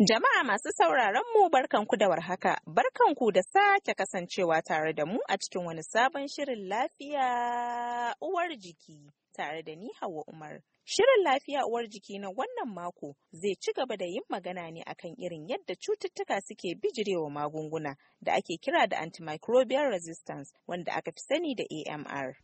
Jama'a masu sauraron mu barkanku da warhaka, barkanku da sake kasancewa tare da mu a cikin wani sabon shirin lafiya uwar jiki tare da ni Hauwa Umar. Shirin lafiya uwar jiki na wannan mako zai ci gaba da yin magana ne akan irin yadda cututtuka suke bijirewa magunguna da ake kira da antimicrobial resistance wanda aka fi sani da AMR.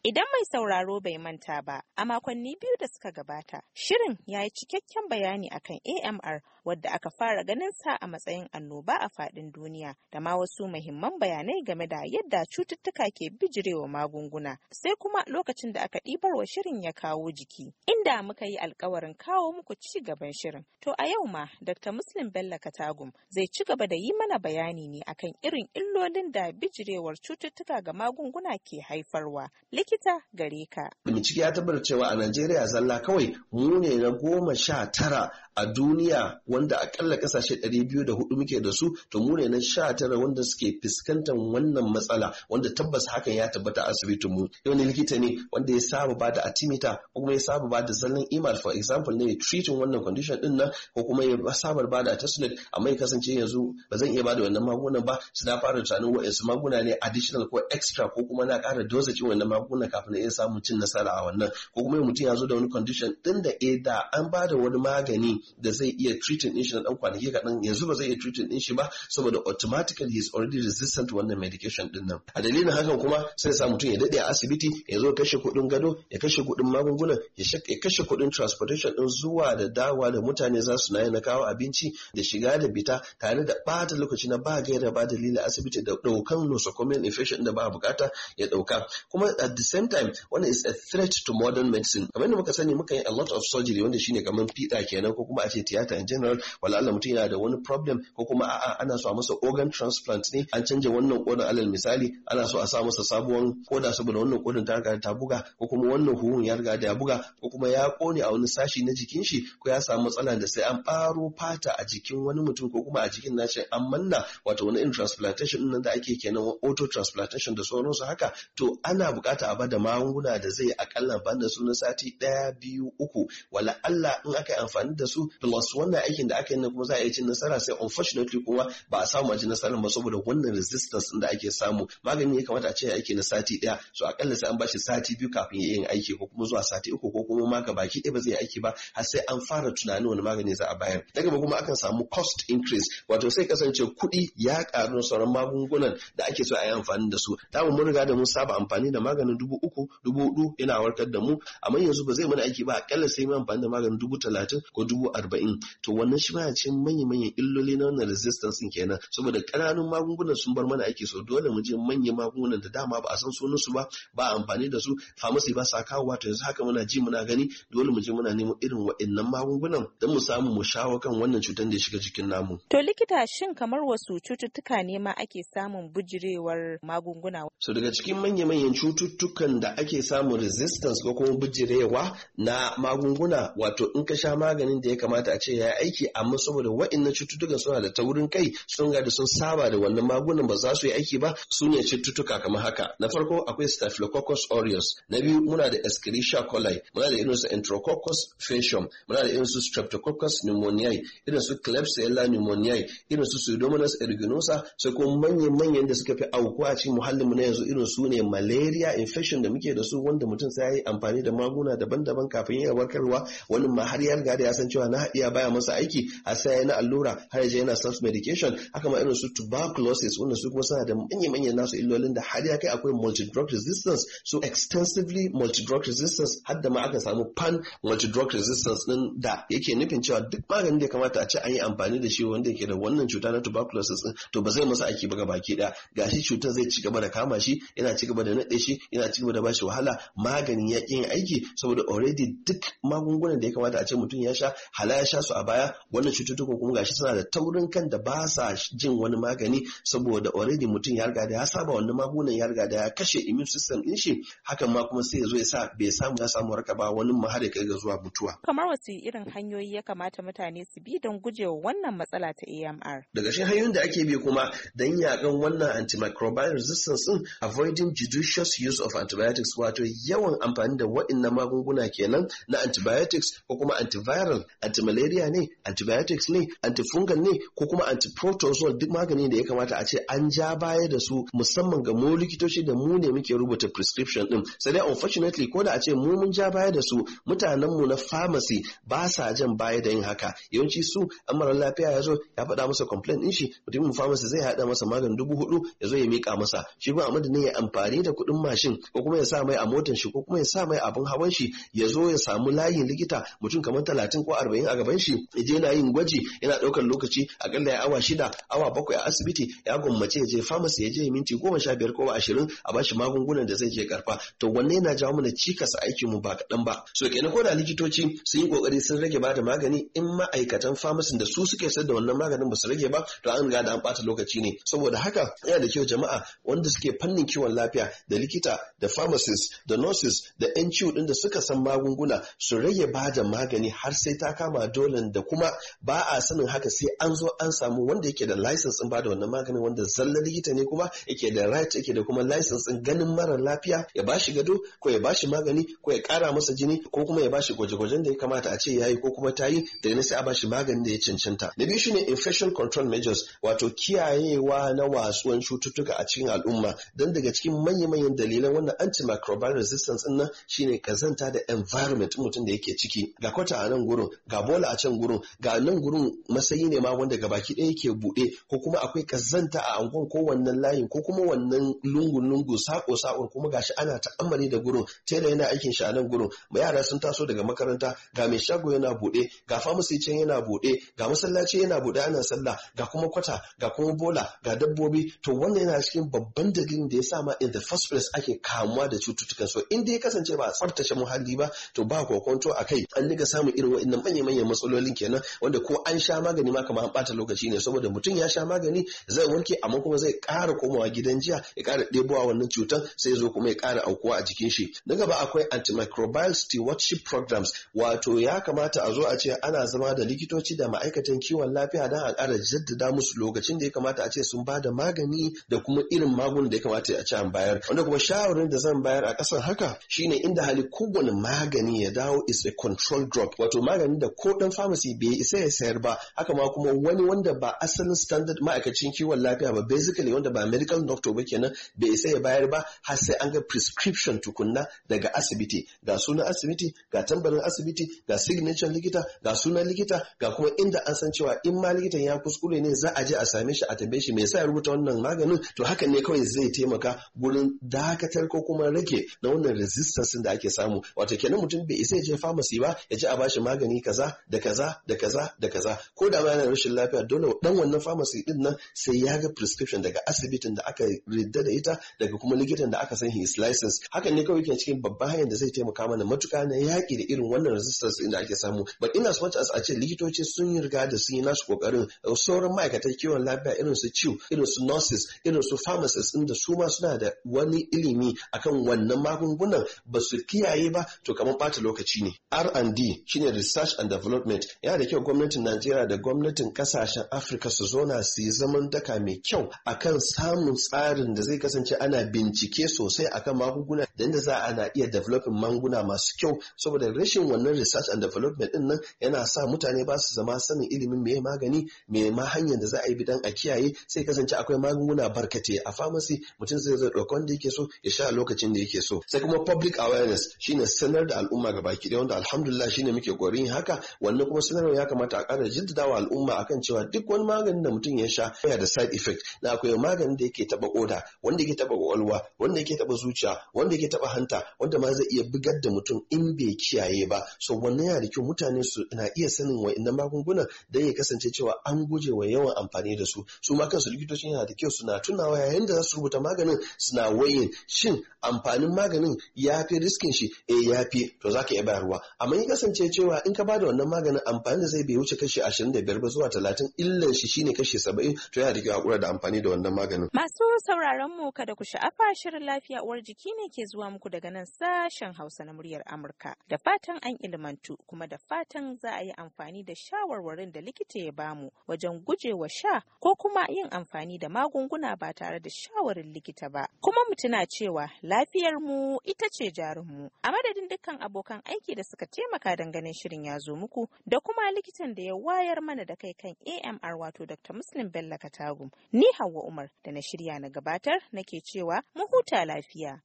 Idan mai sauraro bai manta ba, a makonni biyu da suka gabata, shirin ya yi cikakken bayani akan AMR wadda aka fara ganin sa a matsayin annoba a faɗin duniya da ma wasu muhimman bayanai game da yadda cututtuka ke bijirewa magunguna sai kuma lokacin da aka ɗibar wa shirin ya kawo jiki inda muka yi alkawarin kawo muku ci gaban shirin to a yau ma Dr. Muslim Bello Katagum zai ci gaba da yi mana bayani ne akan irin illolin da bijirewar cututtuka ga magunguna ke haifarwa likita gare ka bincike ya tabbatar cewa a Najeriya zalla kawai mu ne na goma sha tara a duniya wanda akalla kasashe 204 muke da su to mu ne na 19 wanda suke fuskantar wannan matsala wanda tabbas hakan ya tabbata asibitin mu Yau ne likita ne wanda ya saba ba da atimita ko kuma ya saba ba da zallan imal for example ne treating wannan condition din nan ko kuma ya saba ba da tasnid amma ya kasance yanzu ba zan iya bada da wannan magunan ba su na fara tunanin wa'ansu maguna ne additional ko extra ko kuma na ƙara dosage wannan magunan kafin ya samu cin nasara a wannan ko kuma mutum ya zo da wani condition din da eh da an ba da wani magani da zai iya treat treating din shi na dan kwanaki kaɗan yanzu ba zai iya treating din shi ba saboda automatically he is already resistant to wannan medication din nan a dalilin hakan kuma sai sa mutum ya dade a asibiti ya zo kashe kuɗin gado ya kashe kuɗin magungunan ya kashe kuɗin transportation din zuwa da dawa da mutane za su na kawo abinci da shiga da bita tare da ɓata lokaci na ba gaira ba dalilin asibiti da ɗaukan nosocomial infection da ba bukata ya ɗauka kuma at the same time wannan is a threat to modern medicine kamar yadda muka sani muka yi a lot of surgery wanda shine kamar fiɗa kenan ko kuma a ce tiyata in general kamar wala Allah mutum yana da wani problem ko kuma a'a ana so a masa organ transplant ne an canja wannan kodan alal misali ana so a sa masa sabuwan koda saboda wannan kodan ta riga ta buga ko kuma wannan huhun ya riga da ya buga ko kuma ya kone a wani sashi na jikin shi ko ya samu matsala da sai an baro fata a jikin wani mutum ko kuma a jikin nashi an manna wato wani irin transplantation nan da ake kenan auto transplantation da sauransu haka to ana bukata a bada magunguna da zai akalla banda su na sati ɗaya biyu uku wala Allah in aka yi amfani da su plus wannan aiki aikin da aka yi kuma za a yi cin nasara sai unfortunately kuma ba a samu a ci nasarar ba saboda wannan resistance da ake samu magani ya kamata a ce aiki na sati ɗaya so akalla sai an bashi sati biyu kafin ya yin aiki ko kuma zuwa sati uku ko kuma maka baki ɗaya ba zai aiki ba har sai an fara tunani wani magani za a bayar na kuma akan samu cost increase wato sai kasance kuɗi ya ƙaru sauran magungunan da ake so a yi amfani da su da mu riga da mun saba amfani da maganin dubu uku dubu hudu yana warkar da mu amma yanzu ba zai mana aiki ba akalla sai mun amfani da maganin dubu talatin ko dubu arba'in to wani wannan shi ya ce manyan manyan illoli na wannan resistance kenan saboda ƙananun magungunan sun bar mana aiki so dole mu je manyan magungunan da dama ba a san sunan su ba ba amfani da su pharmacy ba sa kawo wato yanzu haka muna ji muna gani dole mu je muna nemo irin waɗannan magungunan don mu samu mu shawo kan wannan cutar da ya shiga jikin namu. To likita shin kamar wasu cututtuka ne ma ake samun bujirewar magunguna? So daga cikin manya-manyan cututtukan da ake samun resistance ko kuma bujirewa na magunguna wato in ka sha maganin da ya kamata a ce ya aiki aiki amma saboda wa'annan cututtukan suna da taurin kai sun ga da sun saba da wannan magunan ba za su yi aiki ba su ne cututtuka kamar haka na farko akwai staphylococcus aureus na biyu muna da escherichia coli muna da irin su enterococcus faecium muna da irin su streptococcus pneumoniae irin su klebsiella pneumoniae irin su pseudomonas aeruginosa sai kuma manyan manyan da suka fi aukuwa a cikin muhallin mu na yanzu irin su ne malaria infection da muke da su wanda mutum sai ya yi amfani da maguna daban-daban kafin ya warkarwa wani ma har ya riga da ya san cewa na haɗiya baya masa aiki aiki har sai yana allura har yaje yana self medication haka ma irin su tuberculosis wannan su kuma suna da manya-manyan nasu illolin da har ya kai akwai multi drug resistance so extensively multi drug resistance har da ma aka samu pan multi drug resistance din da yake nufin cewa duk maganin da ya kamata a ce an yi amfani da shi wanda yake da wannan cuta na tuberculosis din to ba zai masa aiki ba gabaki daya gashi cutar zai cigaba da kama shi yana ci gaba da nade shi yana ci da bashi wahala maganin ya yin aiki saboda already duk magungunan da ya kamata a ce mutum ya sha hala ya sha su a baya wannan cututtukan kuma gashi suna da taurin kan da ba sa jin wani magani saboda already mutum ya riga da ya saba wannan magunan ya riga da ya kashe immune system din shi hakan ma kuma sai ya zo ya sa bai samu ya samu raka ba wani ma har kai ga zuwa mutuwa kamar wasu irin hanyoyi ya kamata mutane su bi don gujewa wannan matsala ta AMR daga shin hanyoyin da ake bi kuma dan yakan wannan antimicrobial resistance din avoiding judicious use of antibiotics wato yawan amfani da waɗannan magunguna kenan na antibiotics ko kuma antiviral antimalaria ne antibiotics ne antifungal ne ko kuma antiprotozoal duk magani da ya kamata a ce an ja baya da su musamman ga mu likitoci da mu ne muke rubuta prescription din sai dai unfortunately ko da a ce mu mun ja baya da su mutanen mu na pharmacy ba sa jan baya da yin haka yawanci su an mara lafiya ya zo ya faɗa masa complaint din shi mutumin pharmacy zai haɗa masa magani dubu hudu ya zo ya mika masa shi ba Amadu ne ya amfani da kuɗin mashin ko kuma ya sa mai a motar shi ko kuma ya sa mai abin hawan shi ya zo ya samu layin likita mutum kamar talatin ko arba'in a gaban shi je yana yin gwaji yana ɗaukar lokaci a kalla ya awa shida awa bakwai a asibiti ya gwammace ya je famasi ya je minti goma sha biyar ko ashirin a bashi magungunan da zai je karfa to wanne yana jawo mana cikas aikin mu ba kaɗan ba so na ko da likitoci sun yi kokari sun rage ba da magani in ma'aikatan famasin da su suke sayar da wannan maganin ba su rage ba to an ga da an ɓata lokaci ne saboda haka yana da kyau jama'a wanda suke fannin kiwon lafiya da likita da pharmacist da nurses da 'yan ciwo ɗin da suka san magunguna su rage ba da magani har sai ta kama dole da kuma kuma ba a sanin haka sai an zo an samu wanda yake da license ba da wannan maganin wanda zallar likita ne kuma yake da right yake da kuma license ganin mara lafiya ya ba shi gado ko ya ba shi magani ko ya kara masa jini ko kuma ya ba shi gwaje-gwajen da ya kamata a ce yayi ko kuma tayi da ne sai a ba shi maganin da ya cancanta na biyu shine infection control measures wato kiyayewa na watsuwan cututtuka a cikin al'umma don daga cikin manya-manyan dalilan wannan antimicrobial resistance din nan shine kazanta da environment mutum da yake ciki ga kwata a nan gurin ga bola a can gurin ga nan gurin masayi ne ma wanda gabaki ɗaya yake buɗe ko kuma akwai kazanta a angon ko wannan layin ko kuma wannan lungun lungu sako sakon kuma gashi ana ta'ammali da gurin tela yana aikin shi a nan gurin yara sun taso daga makaranta ga mai shago yana buɗe ga famasi can yana buɗe ga masallaci yana buɗe ana sallah ga kuma kwata ga kuma bola ga dabbobi to wannan yana cikin babban dalilin da ya sa ma in the first place ake kamuwa da cututtukan so in dai kasance ba a tsaftace muhalli ba to ba kokonto a kai an ga samun irin waɗannan manya-manyan matsalolin kenan wanda ko an sha magani ma kamar an bata lokaci ne saboda mutum ya sha magani zai warke amma kuma zai kara komawa gidan jiya ya ƙara ɗebowa wannan cutar sai zo kuma ya kara aukuwa a jikin shi na gaba akwai antimicrobial stewardship programs wato ya kamata a zo a ce ana zama da likitoci da ma'aikatan kiwon lafiya don a ƙara jaddada musu lokacin da ya kamata a ce sun ba da magani da kuma irin magun da ya kamata a ce an bayar wanda kuma shawarin da zan bayar a ƙasan haka shine inda hali kowane magani ya dawo is a control drop wato magani da ko dan pharmacy bai bai isa ya sayar ba haka ma kuma wani wanda ba asalin standard ma'aikacin kiwon lafiya ba basically wanda ba medical doctor ba kenan bai isa ya bayar ba har sai an ga prescription tukunna daga asibiti ga sunan asibiti ga tambarin asibiti ga signature likita ga sunan likita ga kuma inda an san cewa in ma likitan ya kuskure ne za a je a same shi a tambaye shi me yasa ya rubuta wannan maganin to haka ne kawai zai taimaka gurin dakatar ko kuma rage na wannan resistance da ake samu wato kenan mutum bai isa ya je pharmacy ba ya je a bashi magani kaza da kaza da kaza da kaza ko da ma yana rashin lafiya dole dan wannan pharmacy din nan sai ya ga prescription daga asibitin da aka ridda da ita daga kuma likitan da aka san his license hakan ne kawai ke cikin babban hanyar da zai taimaka mana matuka na yaƙi da irin wannan resistance da ake samu but ina so as a ce likitoci sun yi riga da sun yi nasu kokarin uh, sauran ma'aikatan kiwon lafiya irin su ciwo irin su nurses irin su pharmacists din da su ma suna da wani ilimi akan wannan magungunan ba su kiyaye ba to kamar bata lokaci ne R&D shine research and development yana da kyau gwamnatin Najeriya da gwamnatin kasashen Afirka su zona su yi zaman daka mai kyau akan samun tsarin da zai kasance ana bincike sosai akan magunguna da yadda za ana iya developing manguna masu kyau saboda rashin wannan research and development din nan yana sa mutane ba su zama sanin ilimin me magani me ma hanyar da za a yi bidan a kiyaye sai kasance akwai magunguna barkate a pharmacy mutum zai zai dauka wanda yake so ya sha lokacin da yake so sai kuma public awareness shine sanar da al'umma gabaki ɗaya wanda alhamdulillah shine muke ƙoƙarin haka wannan kuma sanarwa ya kamata a ƙara jirgin dawa al'umma akan cewa duk wani maganin da mutum ya sha yana da side effect na akwai maganin da yake taba koda wanda yake taba kwakwalwa wanda yake taba zuciya wanda yake taba hanta wanda ma zai iya bugar da mutum in bai kiyaye ba so wannan yana da kyau mutane su na iya sanin wa'annan magungunan don ya kasance cewa an guje wa yawan amfani da su su ma kansu likitoci yana da kyau suna tunawa yayin da za su rubuta maganin suna wayin shin amfanin maganin ya fi riskin shi eh ya fi to za ka iya bayarwa amma in kasance cewa in ka ba wannan maganin amfani da zai bai wuce kashi ashirin da biyar ba zuwa talatin illan shi shine kashi saba'in to yana da kyau da amfani da wannan maganin. Masu sauraron mu kada ku sha'afa shirin lafiya uwar jiki ne ke zuwa muku daga nan sashen Hausa na muryar Amurka da fatan an ilmantu kuma da fatan za a yi amfani da shawarwarin da likita ya bamu wajen gujewa sha ko kuma yin amfani da magunguna ba tare da shawarin likita ba. Kuma mu tuna cewa lafiyar mu ita ce jarin mu. A madadin dukkan abokan aiki da suka taimaka ganin shirin ya zo muku da kuma likitan da ya wayar mana da kai kan AMR wato Dr. Muslim Bello Katagum. Ni Hauwa Umar da na shirya na gabatar nake cewa mu huta lafiya.